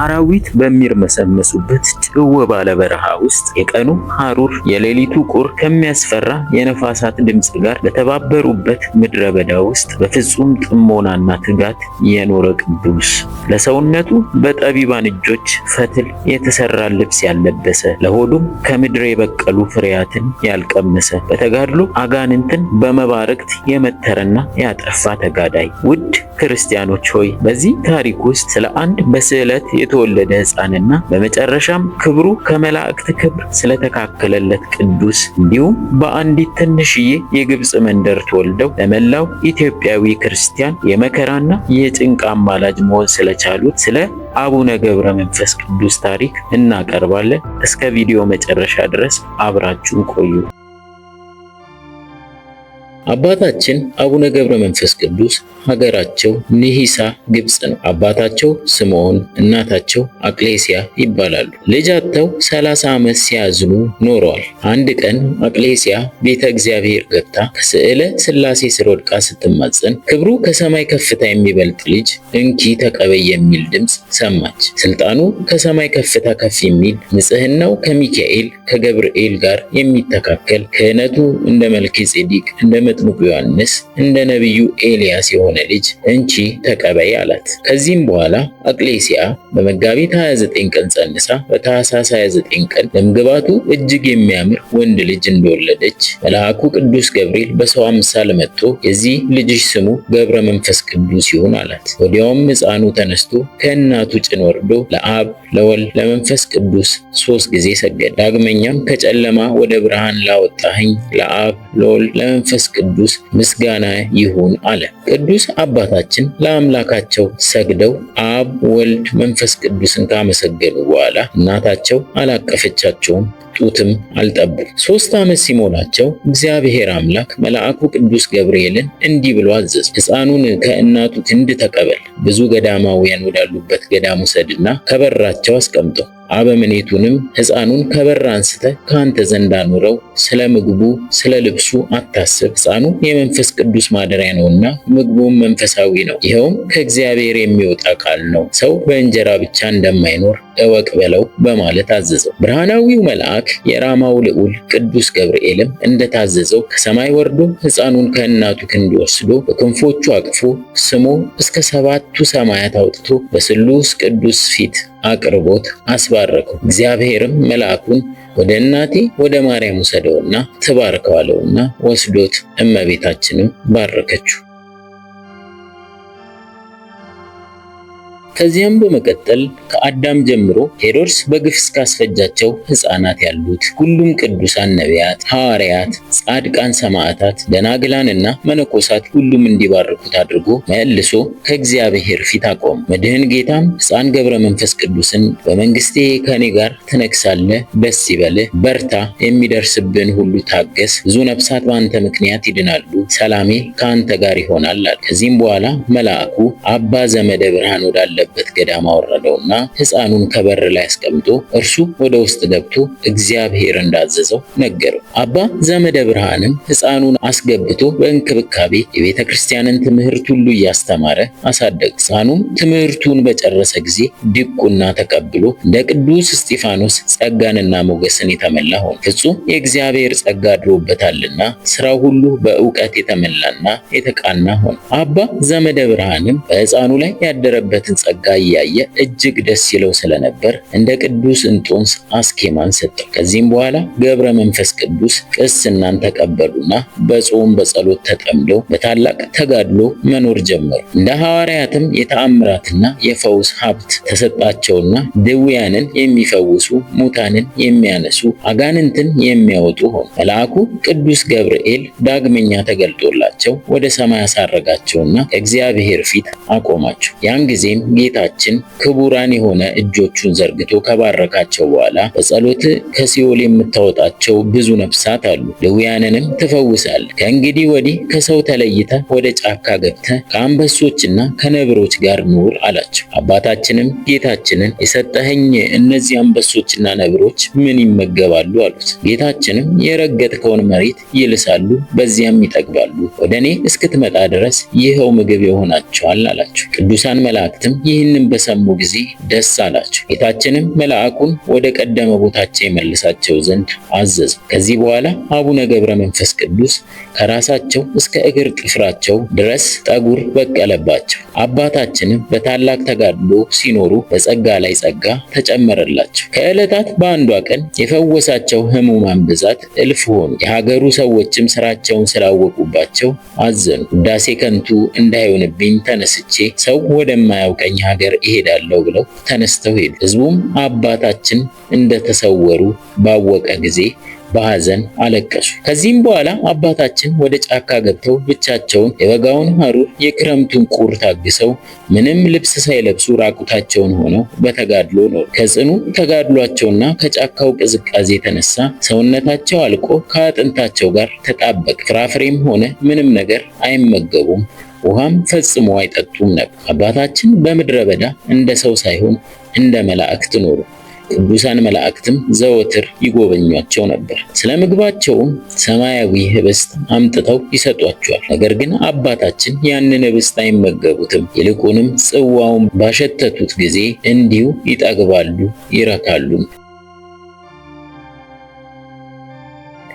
አራዊት በሚርመሰመሱበት ጭው ባለ በረሃ ውስጥ የቀኑ ሐሩር የሌሊቱ ቁር ከሚያስፈራ የነፋሳት ድምፅ ጋር በተባበሩበት ምድረ በዳ ውስጥ በፍጹም ጥሞናና ትጋት የኖረ ቅዱስ ለሰውነቱ በጠቢባን እጆች ፈትል የተሰራ ልብስ ያለበሰ ለሆዱም ከምድር የበቀሉ ፍሬያትን ያልቀመሰ በተጋድሎ አጋንንትን በመባረክት የመተረና ያጠፋ ተጋዳይ። ውድ ክርስቲያኖች ሆይ በዚህ ታሪክ ውስጥ ስለ አንድ በስዕለት የተወለደ ሕፃንና በመጨረሻም ክብሩ ከመላእክት ክብር ስለተካከለለት ቅዱስ እንዲሁም በአንዲት ትንሽዬ የግብፅ መንደር ተወልደው ለመላው ኢትዮጵያዊ ክርስቲያን የመከራና የጭንቅ አማላጅ መሆን ስለቻሉት ስለ አቡነ ገብረ መንፈስ ቅዱስ ታሪክ እናቀርባለን። እስከ ቪዲዮ መጨረሻ ድረስ አብራችሁን ቆዩ። አባታችን አቡነ ገብረ መንፈስ ቅዱስ ሀገራቸው ንሂሳ ግብጽ ነው። አባታቸው ስምዖን፣ እናታቸው አቅሌሲያ ይባላሉ። ልጅ አጥተው 30 ዓመት ሲያዝኑ ኖረዋል። አንድ ቀን አቅሌሲያ ቤተ እግዚአብሔር ገብታ ከስዕለ ሥላሴ ስር ወድቃ ስትማጸን ክብሩ ከሰማይ ከፍታ የሚበልጥ ልጅ እንኪ ተቀበይ የሚል ድምፅ ሰማች። ስልጣኑ ከሰማይ ከፍታ ከፍ የሚል ንጽህናው ከሚካኤል ከገብርኤል ጋር የሚተካከል ክህነቱ እንደ መልኪ ጼዴቅ እንደ መጥምቁ ዮሐንስ እንደ ነቢዩ ኤልያስ የሆነ ልጅ እንቺ ተቀበይ አላት። ከዚህም በኋላ አቅሌሲያ በመጋቢት 29 ቀን ጸንሳ በታሳ 29 ቀን ለምግባቱ እጅግ የሚያምር ወንድ ልጅ እንደወለደች መልአኩ ቅዱስ ገብርኤል በሰው አምሳል መጥቶ የዚህ ልጅሽ ስሙ ገብረ መንፈስ ቅዱስ ይሁን አላት። ወዲያውም ሕፃኑ ተነስቶ ከእናቱ ጭን ወርዶ ለአብ ለወልድ ለመንፈስ ቅዱስ ሶስት ጊዜ ሰገደ። ዳግመኛም ከጨለማ ወደ ብርሃን ላወጣኸኝ ለአብ ለወልድ ለመንፈስ ቅዱስ ምስጋና ይሁን አለ። ቅዱስ አባታችን ለአምላካቸው ሰግደው አብ፣ ወልድ፣ መንፈስ ቅዱስን ካመሰገኑ በኋላ እናታቸው አላቀፈቻቸውም ጡትም አልጠቡም። ሶስት ዓመት ሲሞላቸው እግዚአብሔር አምላክ መልአኩ ቅዱስ ገብርኤልን እንዲህ ብሎ አዘዘ። ሕፃኑን ከእናቱ ክንድ ተቀበል፣ ብዙ ገዳማውያን ወዳሉበት ገዳም ውሰድና ከበራቸው አስቀምጠው አበምኔቱንም ሕፃኑን ከበር አንስተ ከአንተ ዘንድ አኑረው፣ ስለ ምግቡ ስለ ልብሱ አታስብ፣ ሕፃኑ የመንፈስ ቅዱስ ማደሪያ ነውና ምግቡም መንፈሳዊ ነው፣ ይኸውም ከእግዚአብሔር የሚወጣ ቃል ነው፣ ሰው በእንጀራ ብቻ እንደማይኖር እወቅ በለው በማለት አዘዘው። ብርሃናዊው መልአክ የራማው ልዑል ቅዱስ ገብርኤልም እንደታዘዘው ከሰማይ ወርዶ ሕፃኑን ከእናቱ ክንድ ወስዶ በክንፎቹ አቅፎ ስሞ እስከ ሰባቱ ሰማያት አውጥቶ በስሉስ ቅዱስ ፊት አቅርቦት አስባረከው። እግዚአብሔርም መልአኩን ወደ እናቴ ወደ ማርያም ውሰደውና ትባርከዋለውና ወስዶት እመቤታችንም ባረከችው። ከዚያም በመቀጠል ከአዳም ጀምሮ ሄሮድስ በግፍ እስካስፈጃቸው ሕፃናት ያሉት ሁሉም ቅዱሳን ነቢያት፣ ሐዋርያት፣ ጻድቃን፣ ሰማዕታት፣ ደናግላን እና መነኮሳት ሁሉም እንዲባርኩት አድርጎ መልሶ ከእግዚአብሔር ፊት አቆመ። መድህን ጌታም ሕፃን ገብረ መንፈስ ቅዱስን በመንግስቴ ከኔ ጋር ትነግሳለህ፣ ደስ ይበልህ፣ በርታ፣ የሚደርስብን ሁሉ ታገስ፣ ብዙ ነፍሳት በአንተ ምክንያት ይድናሉ፣ ሰላሜ ከአንተ ጋር ይሆናል አለ። ከዚህም በኋላ መልአኩ አባ ዘመደ ብርሃን ወዳለ ወዳለበት ገዳም አወረደውና ሕፃኑን ከበር ላይ አስቀምጦ እርሱ ወደ ውስጥ ገብቶ እግዚአብሔር እንዳዘዘው ነገረው። አባ ዘመደ ብርሃንም ሕፃኑን አስገብቶ በእንክብካቤ የቤተ ክርስቲያንን ትምህርት ሁሉ እያስተማረ አሳደገ። ሕፃኑም ትምህርቱን በጨረሰ ጊዜ ድቁና ተቀብሎ እንደ ቅዱስ እስጢፋኖስ ጸጋንና ሞገስን የተመላ ሆነ። ፍጹም የእግዚአብሔር ጸጋ አድሮበታልና ስራው ሁሉ በእውቀት የተመላና የተቃና ሆነ። አባ ዘመደ ብርሃንም በሕፃኑ ላይ ያደረበትን ጸጋ ጸጋ እያየ እጅግ ደስ ይለው ስለነበር እንደ ቅዱስ እንጦንስ አስኬማን ሰጠው። ከዚህም በኋላ ገብረ መንፈስ ቅዱስ ቅስናን ተቀበሉና በጾም በጸሎት ተጠምደው በታላቅ ተጋድሎ መኖር ጀመሩ። እንደ ሐዋርያትም የተአምራትና የፈውስ ሀብት ተሰጣቸውና ድውያንን የሚፈውሱ ሙታንን የሚያነሱ አጋንንትን የሚያወጡ ሆኑ። መልአኩ ቅዱስ ገብርኤል ዳግመኛ ተገልጦላቸው ወደ ሰማይ አሳረጋቸውና ከእግዚአብሔር ፊት አቆማቸው። ያን ጊዜም ጌታችን ክቡራን የሆነ እጆቹን ዘርግቶ ከባረካቸው በኋላ በጸሎት ከሲኦል የምታወጣቸው ብዙ ነፍሳት አሉ። ድውያንንም ትፈውሳል። ከእንግዲህ ወዲህ ከሰው ተለይተ ወደ ጫካ ገብተ ከአንበሶችና ከነብሮች ጋር ኑር አላቸው። አባታችንም ጌታችንን የሰጠኸኝ እነዚህ አንበሶችና ነብሮች ምን ይመገባሉ አሉት። ጌታችንም የረገጥከውን መሬት ይልሳሉ፣ በዚያም ይጠግባሉ። ወደ እኔ እስክትመጣ ድረስ ይኸው ምግብ ይሆናቸዋል አላቸው። ቅዱሳን መላእክትም ይህ ይህንን በሰሙ ጊዜ ደስ አላቸው። ጌታችንም መልአኩን ወደ ቀደመ ቦታቸው የመልሳቸው ዘንድ አዘዘ። ከዚህ በኋላ አቡነ ገብረ መንፈስ ቅዱስ ከራሳቸው እስከ እግር ጥፍራቸው ድረስ ጠጉር በቀለባቸው። አባታችንም በታላቅ ተጋድሎ ሲኖሩ በጸጋ ላይ ጸጋ ተጨመረላቸው። ከዕለታት በአንዷ ቀን የፈወሳቸው ሕሙማን ብዛት እልፍ ሆኑ። የሀገሩ ሰዎችም ስራቸውን ስላወቁባቸው አዘኑ። ውዳሴ ከንቱ እንዳይሆንብኝ ተነስቼ ሰው ወደማያውቀኝ ሀገር እሄዳለሁ ብለው ተነስተው ሄዱ። ህዝቡም አባታችን እንደተሰወሩ ባወቀ ጊዜ በሐዘን አለቀሱ። ከዚህም በኋላ አባታችን ወደ ጫካ ገብተው ብቻቸውን የበጋውን ሐሩር የክረምቱን ቁር ታግሰው ምንም ልብስ ሳይለብሱ ራቁታቸውን ሆነው በተጋድሎ ኖሩ። ከጽኑ ተጋድሏቸውና ከጫካው ቅዝቃዜ የተነሳ ሰውነታቸው አልቆ ከአጥንታቸው ጋር ተጣበቀ። ፍራፍሬም ሆነ ምንም ነገር አይመገቡም። ውሃም ፈጽሞ አይጠጡም ነበር። አባታችን በምድረ በዳ እንደ ሰው ሳይሆን እንደ መላእክት ኖሩ። ቅዱሳን መላእክትም ዘወትር ይጎበኟቸው ነበር። ስለ ምግባቸውም ሰማያዊ ህብስት አምጥተው ይሰጧቸዋል። ነገር ግን አባታችን ያንን ህብስት አይመገቡትም። ይልቁንም ጽዋውን ባሸተቱት ጊዜ እንዲሁ ይጠግባሉ፣ ይረካሉ።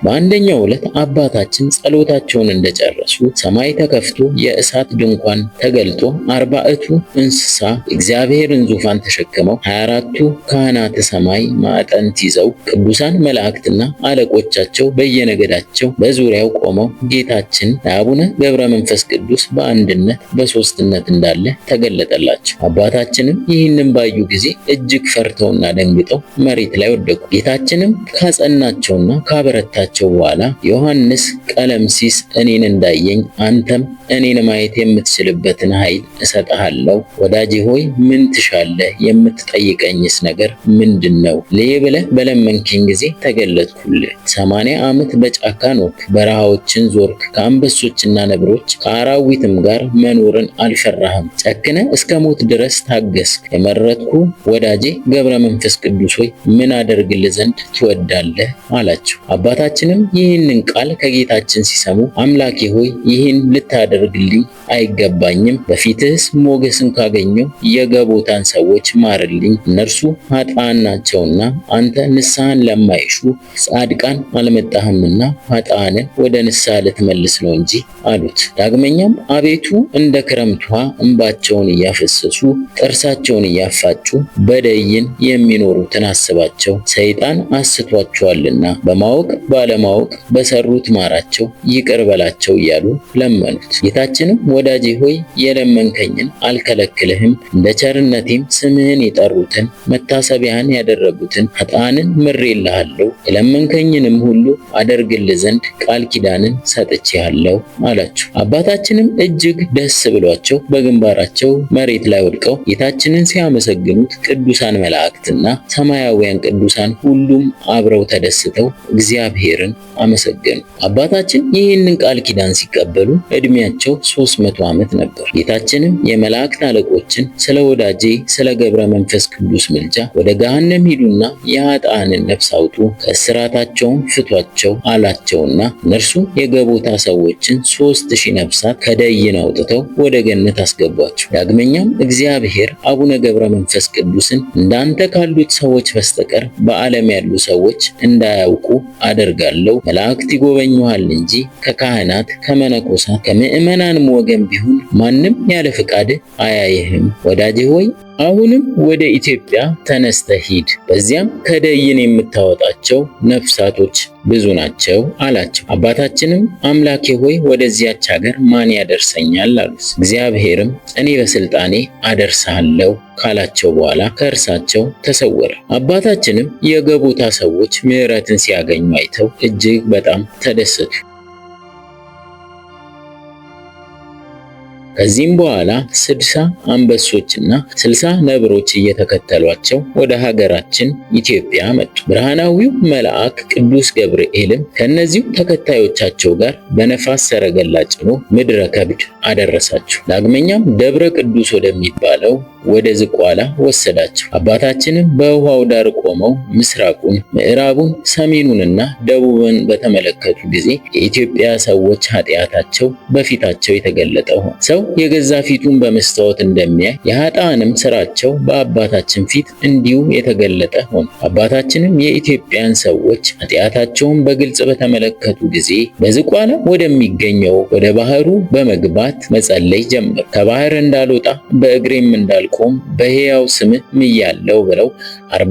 በአንደኛው ዕለት አባታችን ጸሎታቸውን እንደጨረሱ ሰማይ ተከፍቶ የእሳት ድንኳን ተገልጦ አርባዕቱ እንስሳ እግዚአብሔርን ዙፋን ተሸክመው 24ቱ ካህናተ ሰማይ ማዕጠንት ይዘው ቅዱሳን መላእክትና አለቆቻቸው በየነገዳቸው በዙሪያው ቆመው ጌታችን ለአቡነ ገብረ መንፈስ ቅዱስ በአንድነት በሶስትነት እንዳለ ተገለጠላቸው። አባታችንም ይህንን ባዩ ጊዜ እጅግ ፈርተውና ደንግጠው መሬት ላይ ወደቁ። ጌታችንም ካጸናቸውና ካበረታቸው ካላቸው በኋላ ዮሐንስ ቀለምሲስ እኔን እንዳየኝ አንተም እኔን ማየት የምትችልበትን ኃይል እሰጥሃለሁ። ወዳጅ ሆይ ምን ትሻለህ? የምትጠይቀኝስ ነገር ምንድን ነው? ልይ ብለህ በለመንከኝ ጊዜ ተገለጥኩልህ። ሰማንያ ዓመት በጫካ ኖርክ፣ በረሃዎችን ዞርክ፣ ከአንበሶችና ነብሮች ከአራዊትም ጋር መኖርን አልሸራህም። ጨክነ እስከ ሞት ድረስ ታገስክ። የመረጥኩ ወዳጄ ገብረ መንፈስ ቅዱስ ሆይ ምን አደርግልህ ዘንድ ትወዳለህ? አላቸው አባታችን ሁላችንም ይህንን ቃል ከጌታችን ሲሰሙ አምላኬ ሆይ ይህን ልታደርግልኝ አይገባኝም። በፊትህስ ሞገስን ካገኘው የገቦታን ሰዎች ማርልኝ። እነርሱ ኃጥአን ናቸውና አንተ ንስሐን ለማይሹ ጻድቃን አልመጣህምና ኃጥአንን ወደ ንስሐ ልትመልስ ነው እንጂ አሉት። ዳግመኛም አቤቱ እንደ ክረምት ውሃ እንባቸውን እያፈሰሱ ጥርሳቸውን እያፋጩ በደይን የሚኖሩትን አስባቸው፣ ሰይጣን አስቷቸዋልና በማወቅ ባለማወቅ በሰሩት ማራቸው፣ ይቅር በላቸው እያሉ ለመኑት። ጌታችንም ወዳጅ ሆይ የለመንከኝን አልከለክልህም። እንደ ቸርነቴም ስምህን የጠሩትን መታሰቢያን ያደረጉትን ኃጥአንን ምሬልሃለሁ፣ የለመንከኝንም ሁሉ አደርግልህ ዘንድ ቃል ኪዳንን ሰጥቼሃለሁ አላቸው። አባታችንም እጅግ ደስ ብሏቸው በግንባራቸው መሬት ላይ ወድቀው ጌታችንን ሲያመሰግኑት ቅዱሳን መላእክትና ሰማያውያን ቅዱሳን ሁሉም አብረው ተደስተው እግዚአብሔርን አመሰገኑ። አባታችን ይህንን ቃል ኪዳን ሲቀበሉ ዕድሜያቸው ሶስት መቶ ዓመት ነበር። ጌታችንም የመላእክት አለቆችን ስለ ወዳጄ ስለ ገብረ መንፈስ ቅዱስ ምልጃ ወደ ገሃነም ሂዱና የአጣንን ነፍስ አውጡ ከእስራታቸውም ፍቷቸው አላቸውና እነርሱ የገቦታ ሰዎችን ሦስት ሺህ ነፍሳት ከደይን አውጥተው ወደ ገነት አስገቧቸው። ዳግመኛም እግዚአብሔር አቡነ ገብረ መንፈስ ቅዱስን እንዳንተ ካሉት ሰዎች በስተቀር በዓለም ያሉ ሰዎች እንዳያውቁ አደርጋለሁ። መላእክት ይጎበኙሃል እንጂ ከካህናት ከመነኮሳት ከምእመናንም ወገን ወገን ቢሆን ማንም ያለ ፍቃድ አያየህም። ወዳጄ ሆይ አሁንም ወደ ኢትዮጵያ ተነስተ ሂድ፣ በዚያም ከደይን የምታወጣቸው ነፍሳቶች ብዙ ናቸው አላቸው። አባታችንም አምላኬ ሆይ ወደዚያች ሀገር ማን ያደርሰኛል አሉት። እግዚአብሔርም እኔ በስልጣኔ አደርሳለሁ ካላቸው በኋላ ከእርሳቸው ተሰወረ። አባታችንም የገቡታ ሰዎች ምሕረትን ሲያገኙ አይተው እጅግ በጣም ተደሰቱ። ከዚህም በኋላ ስድሳ አንበሶችና ስልሳ ነብሮች እየተከተሏቸው ወደ ሀገራችን ኢትዮጵያ መጡ። ብርሃናዊው መልአክ ቅዱስ ገብርኤልም ከእነዚሁ ተከታዮቻቸው ጋር በነፋስ ሰረገላ ጭኖ ምድረ ከብድ አደረሳቸው። ዳግመኛም ደብረ ቅዱስ ወደሚባለው ወደ ዝቋላ ወሰዳቸው። አባታችንም በውሃው ዳር ቆመው ምስራቁን፣ ምዕራቡን፣ ሰሜኑንና ደቡብን በተመለከቱ ጊዜ የኢትዮጵያ ሰዎች ኃጢአታቸው በፊታቸው የተገለጠ ሆነ። ሰው የገዛ ፊቱን በመስታወት እንደሚያይ የኃጥአንም ስራቸው በአባታችን ፊት እንዲሁ የተገለጠ ሆነ። አባታችንም የኢትዮጵያን ሰዎች ኃጢአታቸውን በግልጽ በተመለከቱ ጊዜ በዝቋላ ወደሚገኘው ወደ ባህሩ በመግባት መጸለይ ጀመሩ። ከባህር እንዳልወጣ በእግሬም እንዳልቆም በሕያው ስም ምያለው ብለው አርባ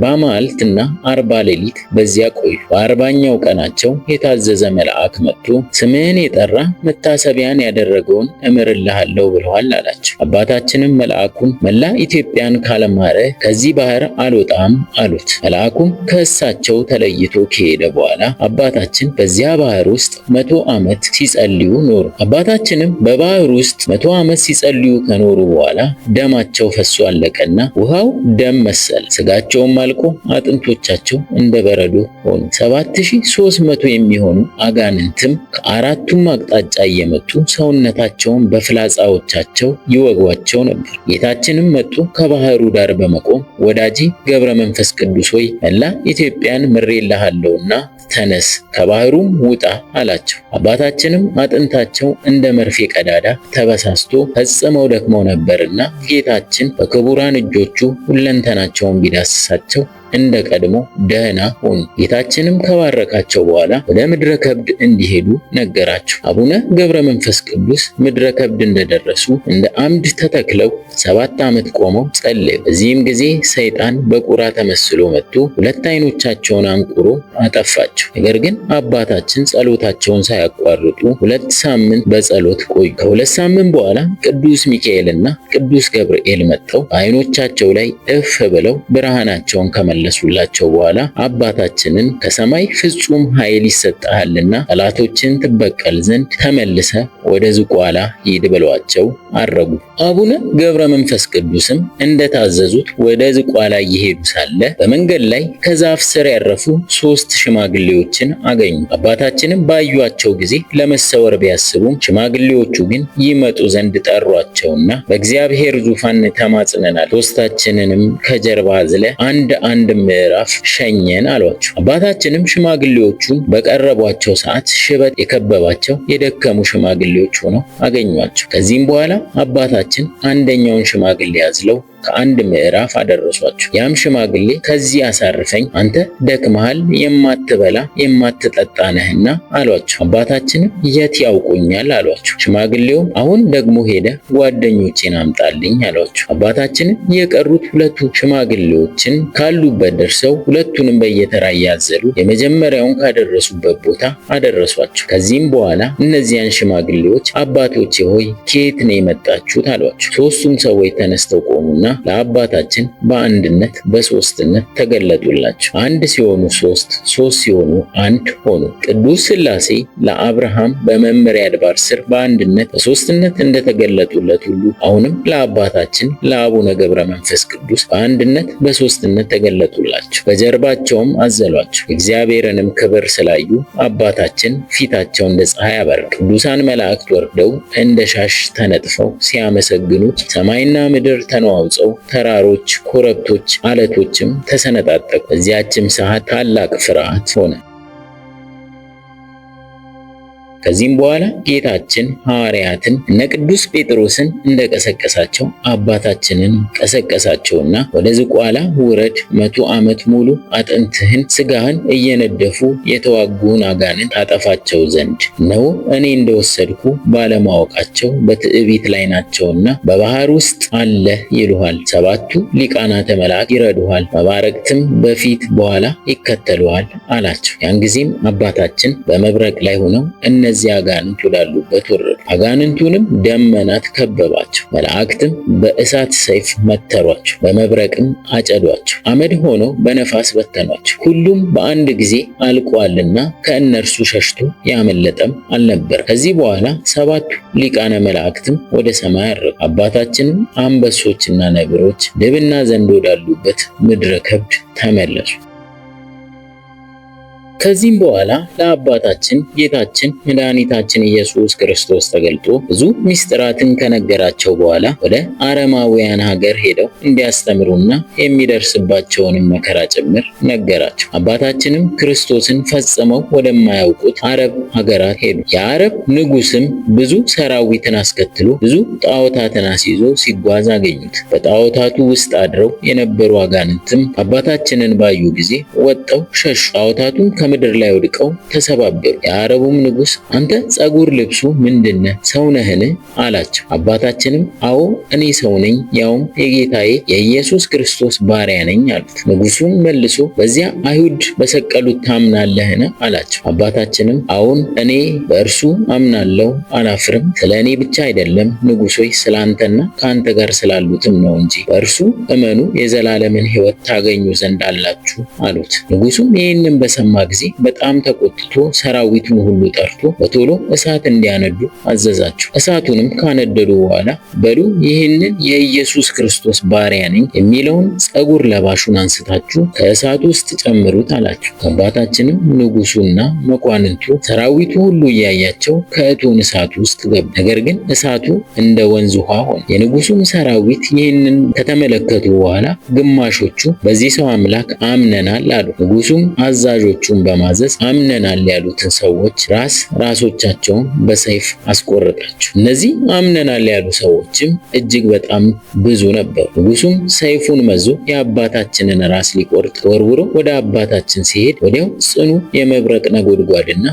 እና አርባ ሌሊት በዚያ ቆዩ። በአርባኛው ቀናቸው የታዘዘ መልአክ መጥቶ ስምህን የጠራ መታሰቢያን ያደረገውን እምርልሃለሁ አለው ብለዋል አላቸው። አባታችንም መልአኩን መላ ኢትዮጵያን ካለማረ ከዚህ ባህር አልወጣም አሉት። መልአኩም ከእሳቸው ተለይቶ ከሄደ በኋላ አባታችን በዚያ ባህር ውስጥ መቶ ዓመት ሲጸልዩ ኖሩ። አባታችንም በባህር ውስጥ መቶ ዓመት ሲጸልዩ ከኖሩ በኋላ ደማቸው ፈሶ አለቀና ውሃው ደም መሰለ፣ ስጋቸውም አልቆ አጥንቶቻቸው እንደ በረዶ ሆኑ። 7300 የሚሆኑ አጋንንትም ከአራቱም አቅጣጫ እየመጡ ሰውነታቸውን በፍላጻ ባላዎቻቸው ይወጓቸው ነበር። ጌታችንም መጡ ከባህሩ ዳር በመቆም ወዳጄ ገብረ መንፈስ ቅዱስ ሆይ መላ ኢትዮጵያን ምሬልሃለሁና ተነስ ከባህሩም ውጣ አላቸው። አባታችንም አጥንታቸው እንደ መርፌ ቀዳዳ ተበሳስቶ ፈጽመው ደክመው ነበርና ጌታችን በክቡራን እጆቹ ሁለንተናቸውን ቢዳስሳቸው እንደ ቀድሞ ደህና ሆኑ። ጌታችንም ከባረካቸው በኋላ ወደ ምድረ ከብድ እንዲሄዱ ነገራቸው። አቡነ ገብረ መንፈስ ቅዱስ ምድረ ከብድ እንደደረሱ እንደ አምድ ተተክለው ሰባት ዓመት ቆመው ጸለዩ። በዚህም ጊዜ ሰይጣን በቁራ ተመስሎ መጥቶ ሁለት ዓይኖቻቸውን አንቁሮ አጠፋቸው። ነገር ግን አባታችን ጸሎታቸውን ሳያቋርጡ ሁለት ሳምንት በጸሎት ቆዩ። ከሁለት ሳምንት በኋላ ቅዱስ ሚካኤልና ቅዱስ ገብርኤል መጥተው በዓይኖቻቸው ላይ እፍ ብለው ብርሃናቸውን ከመለ ከመለሱላቸው በኋላ አባታችንን ከሰማይ ፍጹም ኃይል ይሰጣልና ጠላቶችን ትበቀል ዘንድ ተመልሰ ወደ ዝቋላ ሂድ ብለዋቸው አረጉ። አቡነ ገብረ መንፈስ ቅዱስም እንደታዘዙት ወደ ዝቋላ እየሄዱ ሳለ በመንገድ ላይ ከዛፍ ስር ያረፉ ሶስት ሽማግሌዎችን አገኙ። አባታችንም ባዩአቸው ጊዜ ለመሰወር ቢያስቡም ሽማግሌዎቹ ግን ይመጡ ዘንድ ጠሯቸውና በእግዚአብሔር ዙፋን ተማጽነናል፣ ሶስታችንንም ከጀርባ ዝለ አንድ አንድ ምዕራፍ ሸኘን አሏቸው። አባታችንም ሽማግሌዎቹን በቀረቧቸው ሰዓት ሽበት የከበባቸው የደከሙ ሽማግሌዎች ሆነው አገኟቸው። ከዚህም በኋላ አባታችን አንደኛውን ሽማግሌ አዝለው ከአንድ ምዕራፍ አደረሷቸው። ያም ሽማግሌ ከዚህ አሳርፈኝ፣ አንተ ደክመሃል፣ የማትበላ የማትጠጣ ነህና አሏቸው። አባታችንም የት ያውቁኛል አሏቸው። ሽማግሌውም አሁን ደግሞ ሄደ ጓደኞቼን አምጣልኝ አሏቸው። አባታችንም የቀሩት ሁለቱ ሽማግሌዎችን ካሉበት ደርሰው ሁለቱንም በየተራ እያዘሉ የመጀመሪያውን ካደረሱበት ቦታ አደረሷቸው። ከዚህም በኋላ እነዚያን ሽማግሌዎች አባቶቼ ሆይ ከየት ነው የመጣችሁት? አሏቸው። ሶስቱም ሰዎች ተነስተው ቆሙና ለአባታችን በአንድነት በሶስትነት ተገለጡላቸው። አንድ ሲሆኑ ሶስት፣ ሶስት ሲሆኑ አንድ ሆኑ። ቅዱስ ሥላሴ ለአብርሃም በመመሪያ አድባር ስር በአንድነት በሶስትነት እንደተገለጡለት ሁሉ አሁንም ለአባታችን ለአቡነ ገብረ መንፈስ ቅዱስ በአንድነት በሶስትነት ተገለጡላቸው። በጀርባቸውም አዘሏቸው። እግዚአብሔርንም ክብር ስላዩ አባታችን ፊታቸው እንደ ፀሐይ አበራ። ቅዱሳን መላእክት ወርደው እንደ ሻሽ ተነጥፈው ሲያመሰግኑት ሰማይና ምድር ተነዋውጸው ተቀርጸው ተራሮች፣ ኮረብቶች፣ አለቶችም ተሰነጣጠቁ። በዚያችም ሰዓት ታላቅ ፍርሃት ሆነ። ከዚህም በኋላ ጌታችን ሐዋርያትን እነ ቅዱስ ጴጥሮስን እንደቀሰቀሳቸው አባታችንን ቀሰቀሳቸውና ወደ ዝቋላ ውረድ፣ መቶ ዓመት ሙሉ አጥንትህን ስጋህን እየነደፉ የተዋጉን አጋንንት አጠፋቸው ዘንድ ነው። እኔ እንደወሰድኩ ባለማወቃቸው በትዕቢት ላይ ናቸውና በባህር ውስጥ አለ ይሉሃል። ሰባቱ ሊቃናተ መልአክ ይረዱሃል፣ መባረቅትም በፊት በኋላ ይከተሉሃል አላቸው። ያን ጊዜም አባታችን በመብረቅ ላይ ሆነው እነ እነዚህ አጋንንት ወዳሉበት ወረዱ። አጋንንቱንም ደመናት ከበባቸው፣ መላእክትም በእሳት ሰይፍ መተሯቸው፣ በመብረቅም አጨዷቸው፣ አመድ ሆነው በነፋስ በተኗቸው። ሁሉም በአንድ ጊዜ አልቋልና ከእነርሱ ሸሽቶ ያመለጠም አልነበር። ከዚህ በኋላ ሰባቱ ሊቃነ መላእክትም ወደ ሰማይ አረጉ። አባታችንም አንበሶችና ነብሮች፣ ድብና ዘንዶ ወዳሉበት ምድረ ከብድ ተመለሱ። ከዚህም በኋላ ለአባታችን ጌታችን መድኃኒታችን ኢየሱስ ክርስቶስ ተገልጦ ብዙ ምስጢራትን ከነገራቸው በኋላ ወደ አረማውያን ሀገር ሄደው እንዲያስተምሩና የሚደርስባቸውንም መከራ ጭምር ነገራቸው። አባታችንም ክርስቶስን ፈጽመው ወደማያውቁት አረብ ሀገራት ሄዱ። የአረብ ንጉስም ብዙ ሰራዊትን አስከትሎ ብዙ ጣዖታትን አስይዞ ሲጓዝ አገኙት። በጣዖታቱ ውስጥ አድረው የነበሩ አጋንንትም አባታችንን ባዩ ጊዜ ወጠው ሸሹ። ጣዖታቱን ምድር ላይ ወድቀው ተሰባበሩ። የአረቡም ንጉሥ አንተ ጸጉር ልብሱ ምንድነ ሰው ነህን? አላቸው። አባታችንም አዎ እኔ ሰው ነኝ፣ ያውም የጌታዬ የኢየሱስ ክርስቶስ ባሪያ ነኝ አሉት። ንጉሱም መልሶ በዚያ አይሁድ በሰቀሉት ታምናለህን? አላቸው። አባታችንም አሁን እኔ በእርሱ አምናለሁ፣ አላፍርም። ስለ እኔ ብቻ አይደለም ንጉሶች ሆይ ስለ አንተና ከአንተ ጋር ስላሉትም ነው እንጂ በእርሱ እመኑ የዘላለምን ሕይወት ታገኙ ዘንድ አላችሁ አሉት። ንጉሱም ይህንም በሰማ ጊዜ በጣም ተቆጥቶ ሰራዊቱን ሁሉ ጠርቶ በቶሎ እሳት እንዲያነዱ አዘዛቸው። እሳቱንም ካነደዱ በኋላ በሉ ይህንን የኢየሱስ ክርስቶስ ባሪያ ነኝ የሚለውን ጸጉር ለባሹን አንስታችሁ ከእሳቱ ውስጥ ጨምሩት አላቸው። ከንባታችንም ንጉሱና መኳንንቱ ሰራዊቱ ሁሉ እያያቸው ከእቶን እሳቱ ውስጥ ገቡ። ነገር ግን እሳቱ እንደ ወንዝ ውሃ ሆነ። የንጉሱም ሰራዊት ይህንን ከተመለከቱ በኋላ ግማሾቹ በዚህ ሰው አምላክ አምነናል አሉ። ንጉሱም አዛዦቹም በማዘዝ አምነናል ያሉትን ሰዎች ራስ ራሶቻቸውን በሰይፍ አስቆረጣቸው። እነዚህ አምነናል ያሉ ሰዎችም እጅግ በጣም ብዙ ነበሩ። ንጉሱም ሰይፉን መዞ የአባታችንን ራስ ሊቆርጥ ወርውሮ ወደ አባታችን ሲሄድ ወዲያው ጽኑ የመብረቅ ነጎድጓድና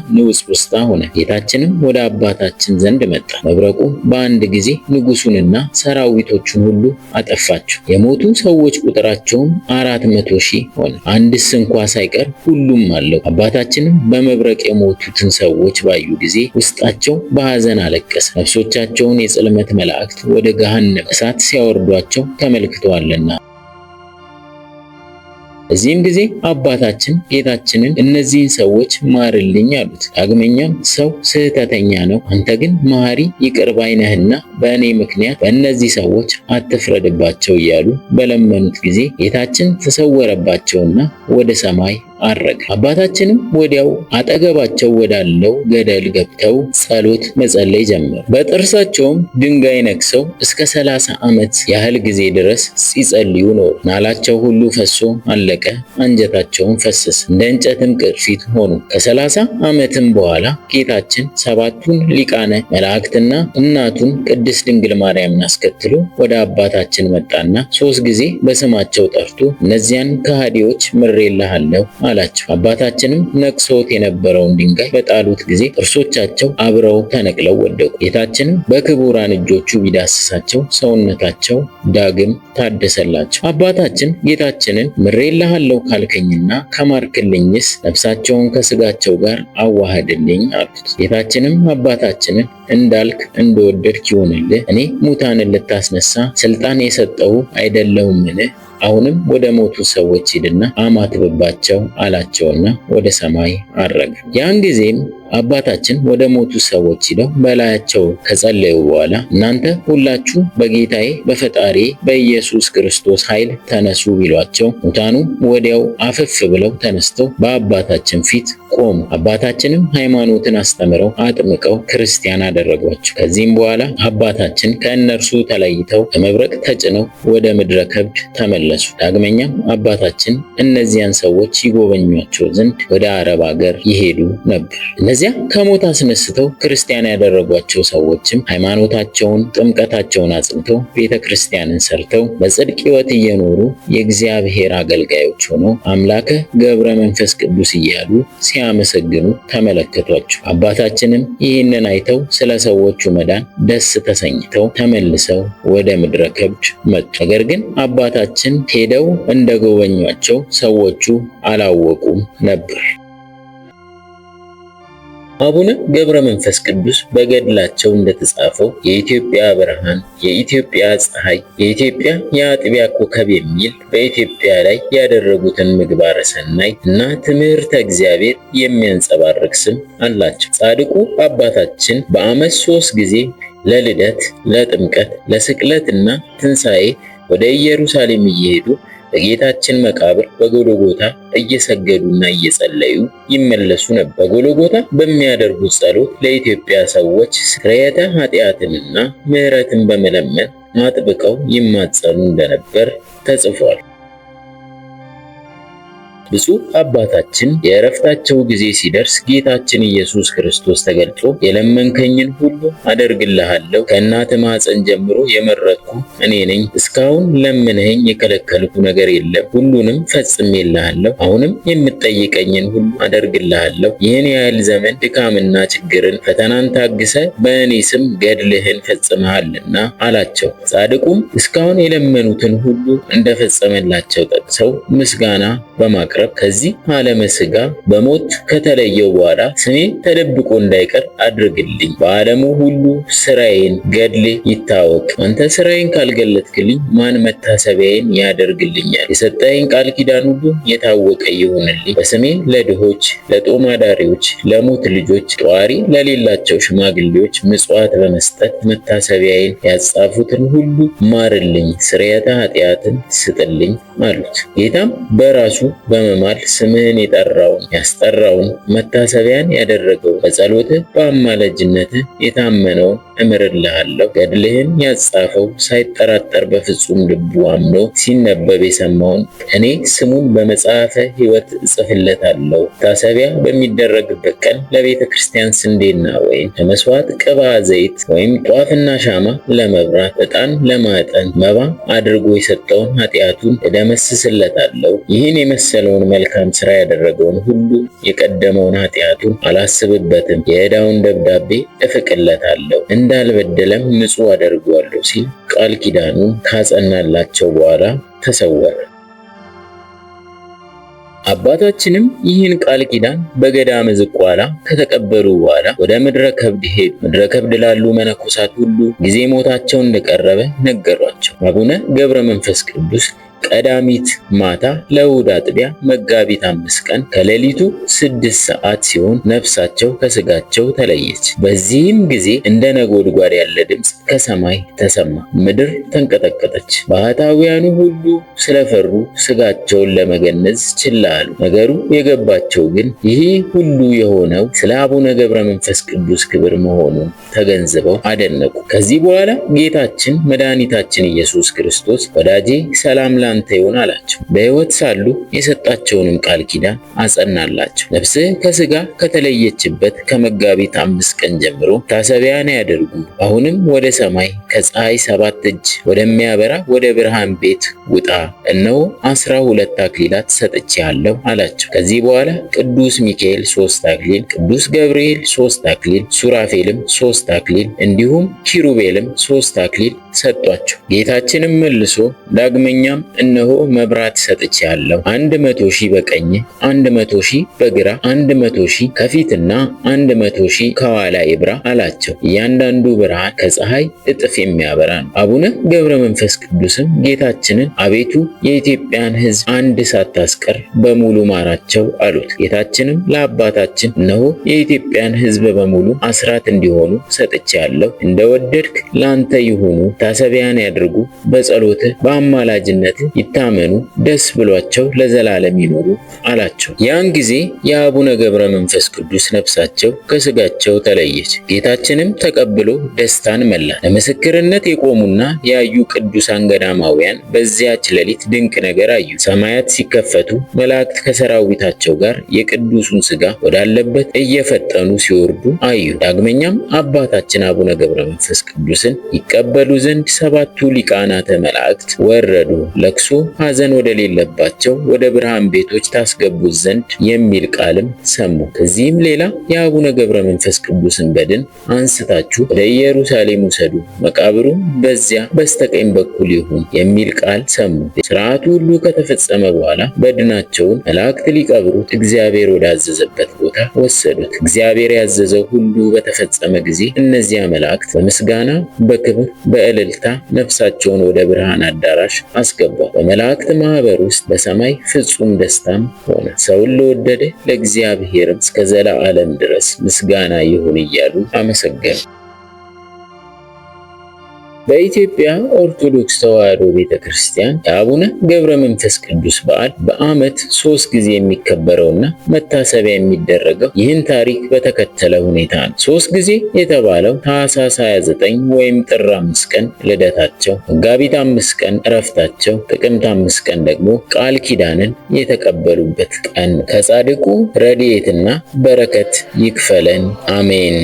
ውስጣ ሆነ። ጌታችንም ወደ አባታችን ዘንድ መጣ። መብረቁ በአንድ ጊዜ ንጉሱንና ሰራዊቶቹን ሁሉ አጠፋቸው። የሞቱ ሰዎች ቁጥራቸውም አራት መቶ ሺህ ሆነ። አንድስ እንኳ ሳይቀር ሁሉም አለው አባታችንም በመብረቅ የሞቱትን ሰዎች ባዩ ጊዜ ውስጣቸው በሐዘን አለቀሰ። ነፍሶቻቸውን የጽልመት መላእክት ወደ ገሃነም እሳት ሲያወርዷቸው ተመልክተዋልና። በዚህም ጊዜ አባታችን ጌታችንን እነዚህን ሰዎች ማርልኝ አሉት። ዳግመኛም ሰው ስህተተኛ ነው፣ አንተ ግን መሐሪ ይቅር ባይ በእኔ ምክንያት በእነዚህ ሰዎች አትፍረድባቸው እያሉ በለመኑት ጊዜ ጌታችን ተሰወረባቸውና ወደ ሰማይ አረገ። አባታችንም ወዲያው አጠገባቸው ወዳለው ገደል ገብተው ጸሎት መጸለይ ጀመሩ። በጥርሳቸውም ድንጋይ ነክሰው እስከ ሰላሳ ዓመት ያህል ጊዜ ድረስ ሲጸልዩ ኖሩ። ናላቸው ሁሉ ፈሶ አለቀ፣ አንጀታቸውን ፈሰሰ፣ እንደ እንጨትም ቅርፊት ሆኑ። ከሰላሳ ዓመትም በኋላ ጌታችን ሰባቱን ሊቃነ መላእክትና እናቱን ቅድስት ድንግል ማርያምን አስከትሎ ወደ አባታችን መጣና ሶስት ጊዜ በስማቸው ጠርቶ እነዚያን ከሃዲዎች ምሬልሃለሁ አላቸው። አባታችንም ነቅሶት የነበረውን ድንጋይ በጣሉት ጊዜ ጥርሶቻቸው አብረው ተነቅለው ወደቁ። ጌታችንም በክቡራን እጆቹ ቢዳስሳቸው ሰውነታቸው ዳግም ታደሰላቸው። አባታችን ጌታችንን ምሬልሃለሁ ካልከኝና ከማርክልኝስ ነፍሳቸውን ከስጋቸው ጋር አዋህድልኝ አሉት። ጌታችንም አባታችንን እንዳልክ እንደወደድክ ይሆንልህ፣ እኔ ሙታንን ልታስነሳ ስልጣን የሰጠው አይደለሁምን? አሁንም ወደ ሞቱ ሰዎች ሂድና አማትብባቸው አላቸውና ወደ ሰማይ አረገ። ያን ጊዜም አባታችን ወደ ሞቱ ሰዎች ሂደው በላያቸው ከጸለዩ በኋላ እናንተ ሁላችሁ በጌታዬ በፈጣሪ በኢየሱስ ክርስቶስ ኃይል ተነሱ ቢሏቸው ሙታኑ ወዲያው አፈፍ ብለው ተነስተው በአባታችን ፊት ቆሙ። አባታችንም ሃይማኖትን አስተምረው አጥምቀው ክርስቲያን አደረጓቸው። ከዚህም በኋላ አባታችን ከእነርሱ ተለይተው በመብረቅ ተጭነው ወደ ምድረ ከብድ ተመለሱ። ዳግመኛም አባታችን እነዚያን ሰዎች ይጎበኟቸው ዘንድ ወደ አረብ አገር ይሄዱ ነበር። ከዚያ ከሞት አስነስተው ክርስቲያን ያደረጓቸው ሰዎችም ሃይማኖታቸውን፣ ጥምቀታቸውን አጽንተው ቤተ ክርስቲያንን ሰርተው በጽድቅ ሕይወት እየኖሩ የእግዚአብሔር አገልጋዮች ሆነው አምላከ ገብረ መንፈስ ቅዱስ እያሉ ሲያመሰግኑ ተመለከቷቸው። አባታችንም ይህንን አይተው ስለ ሰዎቹ መዳን ደስ ተሰኝተው ተመልሰው ወደ ምድረ ከብድ መጡ። ነገር ግን አባታችን ሄደው እንደጎበኟቸው ሰዎቹ አላወቁም ነበር። አቡነ ገብረ መንፈስ ቅዱስ በገድላቸው እንደተጻፈው የኢትዮጵያ ብርሃን፣ የኢትዮጵያ ፀሐይ፣ የኢትዮጵያ የአጥቢያ ኮከብ የሚል በኢትዮጵያ ላይ ያደረጉትን ምግባረ ሰናይ እና ትምህርተ እግዚአብሔር የሚያንጸባርቅ ስም አላቸው። ጻድቁ አባታችን በዓመት ሶስት ጊዜ ለልደት፣ ለጥምቀት፣ ለስቅለት እና ትንሣኤ ወደ ኢየሩሳሌም እየሄዱ በጌታችን መቃብር በጎልጎታ እየሰገዱና እየጸለዩ ይመለሱ ነበር። በጎሎጎታ በሚያደርጉት ጸሎት ለኢትዮጵያ ሰዎች ስርየተ ኃጢአትንና ምሕረትን በመለመን አጥብቀው ይማጸኑ እንደነበር ተጽፏል። ብፁዕ አባታችን የእረፍታቸው ጊዜ ሲደርስ ጌታችን ኢየሱስ ክርስቶስ ተገልጾ የለመንከኝን ሁሉ አደርግልሃለሁ፣ ከእናት ማፀን ጀምሮ የመረጥኩ እኔ ነኝ፣ እስካሁን ለምንህኝ የከለከልኩ ነገር የለም፣ ሁሉንም ፈጽሜልሃለሁ፣ አሁንም የምጠይቀኝን ሁሉ አደርግልሃለሁ። ይህን ያህል ዘመን ድካምና ችግርን፣ ፈተናን ታግሰ በእኔ ስም ገድልህን ፈጽመሃልና አላቸው። ጻድቁም እስካሁን የለመኑትን ሁሉ እንደፈጸመላቸው ጠቅሰው ምስጋና በማቅረብ በማቅረብ ከዚህ ዓለም ሥጋ በሞት ከተለየው በኋላ ስሜ ተደብቆ እንዳይቀር አድርግልኝ። በዓለሙ ሁሉ ስራዬን ገድሌ ይታወቅ። አንተ ስራዬን ካልገለጥክልኝ ማን መታሰቢያዬን ያደርግልኛል? የሰጠኸኝ ቃል ኪዳን ሁሉ የታወቀ ይሁንልኝ። በስሜ ለድሆች፣ ለጦም አዳሪዎች፣ ለሙት ልጆች፣ ጠዋሪ ለሌላቸው ሽማግሌዎች ምጽዋት በመስጠት መታሰቢያዬን ያጻፉትን ሁሉ ማርልኝ፣ ስርየተ ኃጢአትን ስጥልኝ አሉት። ጌታም በራሱ በመ በመማል ስምህን የጠራውን ያስጠራውን መታሰቢያን ያደረገው በጸሎትህ በአማላጅነትህ የታመነውን እምርልሃለሁ። ገድልህን ያጻፈው ሳይጠራጠር በፍጹም ልቡ አምኖ ሲነበብ የሰማውን እኔ ስሙን በመጽሐፈ ሕይወት እጽፍለታለሁ። መታሰቢያ በሚደረግበት ቀን ለቤተ ክርስቲያን ስንዴና ወይም ለመስዋዕት ቅባ ዘይት ወይም ጧፍና ሻማ ለመብራት ዕጣን ለማጠን መባ አድርጎ የሰጠውን ኃጢአቱን እደመስስለታለሁ። ይህን የመሰለውን የሰራውን መልካም ስራ ያደረገውን ሁሉ የቀደመውን ኃጢአቱን አላስብበትም፣ የዕዳውን ደብዳቤ እፍቅለታለሁ፣ እንዳልበደለም ንጹሕ አደርጓለሁ ሲል ቃል ኪዳኑን ካጸናላቸው በኋላ ተሰወረ። አባታችንም ይህን ቃል ኪዳን በገዳመ ዝቋላ ከተቀበሉ በኋላ ወደ ምድረ ከብድ ሄዱ። ምድረ ከብድ ላሉ መነኮሳት ሁሉ ጊዜ ሞታቸው እንደቀረበ ነገሯቸው። አቡነ ገብረ መንፈስ ቅዱስ ቀዳሚት ማታ ለእሁድ አጥቢያ መጋቢት አምስት ቀን ከሌሊቱ ስድስት ሰዓት ሲሆን ነፍሳቸው ከስጋቸው ተለየች። በዚህም ጊዜ እንደ ነጎድጓድ ያለ ድምፅ ከሰማይ ተሰማ፣ ምድር ተንቀጠቀጠች። ባህታውያኑ ሁሉ ስለፈሩ ስጋቸውን ለመገነዝ ችላ አሉ። ነገሩ የገባቸው ግን ይህ ሁሉ የሆነው ስለ አቡነ ገብረ መንፈስ ቅዱስ ክብር መሆኑን ተገንዝበው አደነቁ። ከዚህ በኋላ ጌታችን መድኃኒታችን ኢየሱስ ክርስቶስ ወዳጄ ሰላም ለአንተ ይሆን አላቸው። በሕይወት ሳሉ የሰጣቸውንም ቃል ኪዳን አጸናላቸው። ነፍስህ ከሥጋ ከተለየችበት ከመጋቢት አምስት ቀን ጀምሮ ታሰቢያን ያደርጉ። አሁንም ወደ ሰማይ ከፀሐይ ሰባት እጅ ወደሚያበራ ወደ ብርሃን ቤት ውጣ። እነሆ አስራ ሁለት አክሊላት ሰጥቼሃለሁ አላቸው። ከዚህ በኋላ ቅዱስ ሚካኤል ሶስት አክሊል፣ ቅዱስ ገብርኤል ሶስት አክሊል፣ ሱራፌልም ሶስት አክሊል እንዲሁም ኪሩቤልም ሶስት አክሊል ሰጧቸው። ጌታችንም መልሶ ዳግመኛም እነሆ መብራት ሰጥቼአለሁ። አንድ መቶ ሺህ በቀኝ አንድ መቶ ሺህ በግራ አንድ መቶ ሺህ ከፊትና አንድ መቶ ሺህ ከኋላ ይብራ አላቸው። እያንዳንዱ ብርሃን ከፀሐይ እጥፍ የሚያበራ ነው። አቡነ ገብረ መንፈስ ቅዱስም ጌታችንን አቤቱ የኢትዮጵያን ሕዝብ አንድ ሳታስቀር በሙሉ ማራቸው አሉት። ጌታችንም ለአባታችን እነሆ የኢትዮጵያን ሕዝብ በሙሉ አስራት እንዲሆኑ ሰጥቼአለሁ። እንደ ወደድክ ለአንተ ይሁኑ፣ ታሰቢያን ያድርጉ። በጸሎት በአማላጅነት ይታመኑ፣ ደስ ብሏቸው ለዘላለም ይኖሩ አላቸው። ያን ጊዜ የአቡነ ገብረ መንፈስ ቅዱስ ነፍሳቸው ከስጋቸው ተለየች። ጌታችንም ተቀብሎ ደስታን መላ። ለምስክርነት የቆሙና ያዩ ቅዱሳን ገዳማውያን በዚያች ሌሊት ድንቅ ነገር አዩ። ሰማያት ሲከፈቱ መላእክት ከሰራዊታቸው ጋር የቅዱሱን ስጋ ወዳለበት እየፈጠኑ ሲወርዱ አዩ። ዳግመኛም አባታችን አቡነ ገብረ መንፈስ ቅዱስን ይቀበሉ ዘንድ ሰባቱ ሊቃናተ መላእክት ወረዱ። ለቅሶ ሐዘን ወደሌለባቸው ወደ ብርሃን ቤቶች ታስገቡት ዘንድ የሚል ቃልም ሰሙ። ከዚህም ሌላ የአቡነ ገብረ መንፈስ ቅዱስን በድን አንስታችሁ ወደ ኢየሩሳሌም ውሰዱ፣ መቃብሩ በዚያ በስተቀኝ በኩል ይሁን የሚል ቃል ሰሙ። ስርዓቱ ሁሉ ከተፈጸመ በኋላ በድናቸውን መላእክት ሊቀብሩት እግዚአብሔር ወዳዘዘበት ቦታ ወሰዱት። እግዚአብሔር ያዘዘው ሁሉ በተፈጸመ ጊዜ እነዚያ መላእክት በምስጋና በክብር በእልልታ ነፍሳቸውን ወደ ብርሃን አዳራሽ አስገቧል። በመላእክት ማህበር ውስጥ በሰማይ ፍጹም ደስታም ሆነ። ሰውን ለወደደ ለእግዚአብሔርም እስከ ዘላለም ድረስ ምስጋና ይሁን እያሉ አመሰገኑ። በኢትዮጵያ ኦርቶዶክስ ተዋሕዶ ቤተ ክርስቲያን የአቡነ ገብረ መንፈስ ቅዱስ በዓል በዓመት ሶስት ጊዜ የሚከበረውና መታሰቢያ የሚደረገው ይህን ታሪክ በተከተለ ሁኔታ ነው። ሶስት ጊዜ የተባለው ታኅሳስ 29 ወይም ጥር አምስት ቀን ልደታቸው፣ መጋቢት አምስት ቀን እረፍታቸው፣ ጥቅምት አምስት ቀን ደግሞ ቃል ኪዳንን የተቀበሉበት ቀን ነው። ከጻድቁ ረድኤትና በረከት ይክፈለን፣ አሜን።